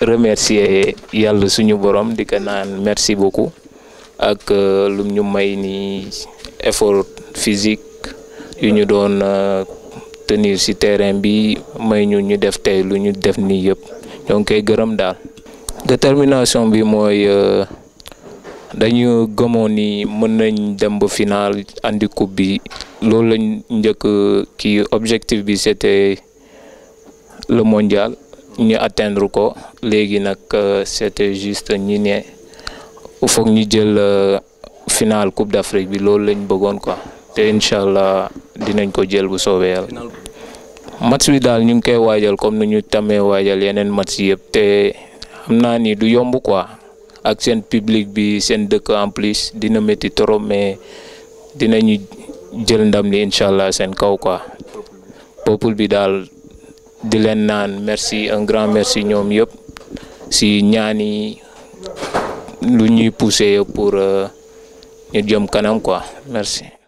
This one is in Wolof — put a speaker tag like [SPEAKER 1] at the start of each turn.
[SPEAKER 1] di yàlla suñu borom di ko naan merci beaucoup ak euh, lum ñu may nii effort physique yu ñu doon euh, tenir ci terrain bi may ñu ñu def tey lu ñu def nii yëpp ñoo ngi gërëm daal détermination bi mooy euh, dañu gëmoon ni mën nañ dem ba final andi bi loolu lañ njëkk kii objectif bi c'était le mondial ñu atteindre ko léegi nag euh, c'était juste ñi ne foog ñu jël euh, final coupe d'Afrique bi loolu lañ bëggoon ko te incha allah dinañ ko jël bu soobee yàlla match bi daal ñu ngi koy waajal comme ni ñu tamee waajal yeneen match yëpp te xam naa ni du yomb quoi ak seen public bi seen dëkk en plus dina métti trop mais dinañu jël ndam li incha allah seen kaw quoi peuple bi daal. di leen naan merci un grand merci ñoom yëpp si ñaani lu ñuy pousser pour euh, ñu jëm kanam quoi merci.